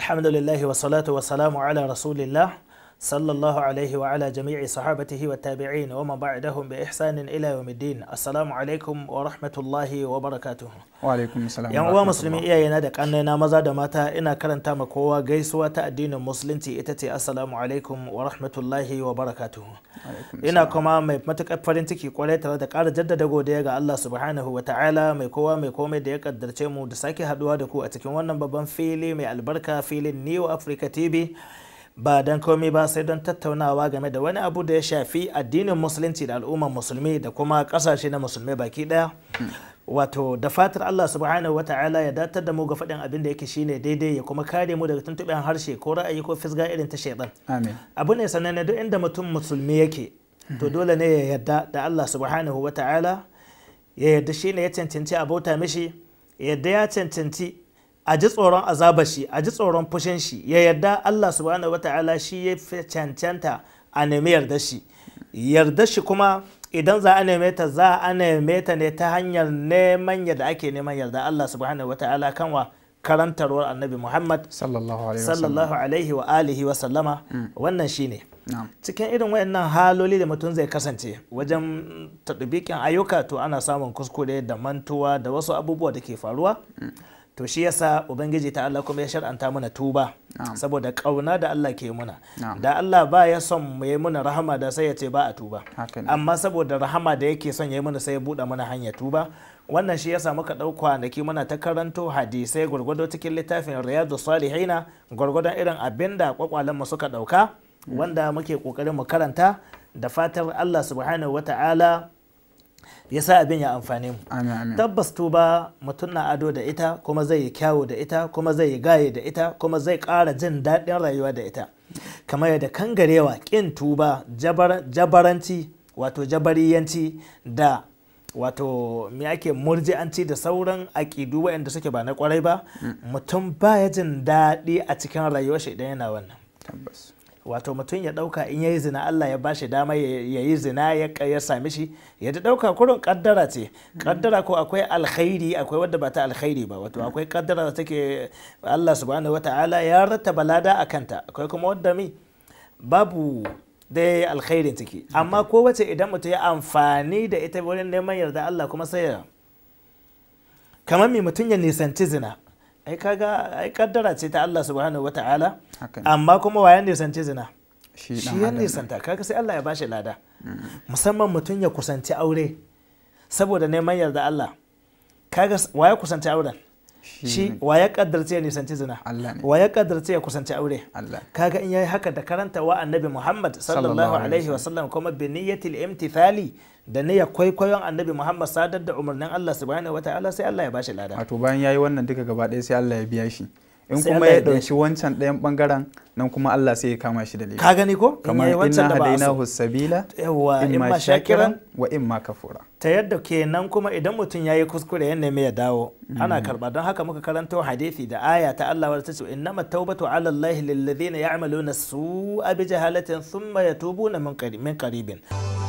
الحمد لله والصلاة والسلام على رسول الله صلى الله عليه وعلى جميع صحابته والتابعين ومن بعدهم بإحسان إلى يوم الدين السلام عليكم ورحمة الله وبركاته وعليكم السلام yan uwa musulmi iyaye na da kannena maza da mata ina karanta ma kowa gaisuwa ta addinin musulunci ita ce assalamu alaikum wa rahmatullahi wa barakatuh ina kuma mai matukar farin ciki kwarai tare da ƙara jaddada godiya ga Allah subhanahu wa ta'ala mai kowa mai komai da ya kaddarce mu da sake haduwa da ku a cikin wannan babban fili mai albarka filin New Africa TV ba don komai ba sai don tattaunawa game da wani abu da ya shafi addinin musulunci da al'ummar musulmi da kuma kasashe na musulmi baki daya wato da fatar Allah subhanahu wa ta'ala ya datar da mu ga faɗin abin da yake shine daidai ya kuma kare mu daga tuntuɓen harshe ko ra'ayi ko fisga irin ta shaidan abu ne sananne duk inda mutum musulmi yake to dole ne ya yarda da Allah subhanahu wa ta'ala ya yarda shine ya cancanci abota mishi ya yarda ya cancanci a ji tsoron azabar shi a ji tsoron fushin shi ya yarda Allah subhanahu wata'ala shi ya cancanta a nemi yarda shi yarda shi kuma idan za a neme ta za a neme ta ne ta hanyar neman yadda ake neman yarda Allah subhanahu wata'ala kanwa karantarwar annabi Muhammad sallallahu alaihi wa alihi wa sallama mm. wannan shine cikin irin wayannan haloli da mutum zai kasance wajen tadubikin ayyuka to ana samun kuskure da mantuwa da wasu abubuwa da ke faruwa mm. to shi yasa ubangiji ta Allah kuma ya shar'anta mana tuba saboda kauna da Allah ke muna da Allah ba ya son mu ya muna rahama da sai ya ce ba a tuba amma saboda rahama da yake son ya muna sai ya buɗe mana hanya tuba wannan shi yasa muka ɗau kwanaki muna ta karanto hadisai gwargwado cikin littafin riyadu salihina gwargwadon irin abin da kwakwalen mu suka ɗauka mm. wanda muke ƙoƙarin mu karanta da fatar Allah subhanahu wata'ala ya sa abin ya amfani mu tabbas tuba mutum na ado da ita kuma zai yi kyawu da ita kuma zai yi gaye da ita kuma zai ƙara jin daɗin rayuwa da ita kamar yadda kangarewa kin tuba jabaranci wato jabariyanci da wato me ake murji'anci da sauran aƙidu waɗanda suke ba na kwarai ba mm. mutum baya jin daɗi a cikin rayuwar shi idan yana wannan wato mutum ya dauka in ya yi zina Allah ya bashi dama ya yi zina ya sami shi ya ɗauka dauka kurin kaddara ce kaddara ko akwai alkhairi akwai wadda ba ta alkhairi ba wato akwai kaddara da take Allah subhanahu wataala ya rata balada a kanta akwai kuma wadda mi babu dai alkhairin ciki. amma ko wace idan mutum ya amfani da ita wurin neman yarda Allah kuma sai ya kamar mai mutum ya nisanci zina ai kaga ai kaddara ce ta Allah subhanahu wataala amma kuma wayan ne sance zina shi ya ne kaga sai Allah ya bashi lada mm-hmm. musamman mutum ya kusanci aure saboda neman yarda Allah kaga waya kusanci auren shi wa ya kaddarce ya nisanci zina wa ya kaddarce ya kusanci aure kaga in ya yi haka da karanta wa annabi Muhammad sallallahu alaihi wasallam kuma bi niyyatil imtithali da ne ya kwaikwayon annabi Muhammad sadar da umarnin Allah subhanahu wataala sai Allah ya bashi lada wato bayan yayi wannan duka gaba ɗaya sai Allah ya biya shi in kuma ya ɗauki wancan ɗayan ɓangaren nan kuma Allah sai ya kama shi da laifi ka gani ko kamar ina hadaina husabila yawa in ma shakiran wa in ma kafura ta yadda kenan kuma idan mutum ya yi kuskure ya nemi ya dawo ana mm. karba don haka muka karanto hadisi da aya ta Allah wadda tace innama tawbatu ala Allah lil ladina ya'maluna su'a bi jahalatin thumma yatubuna min qaribin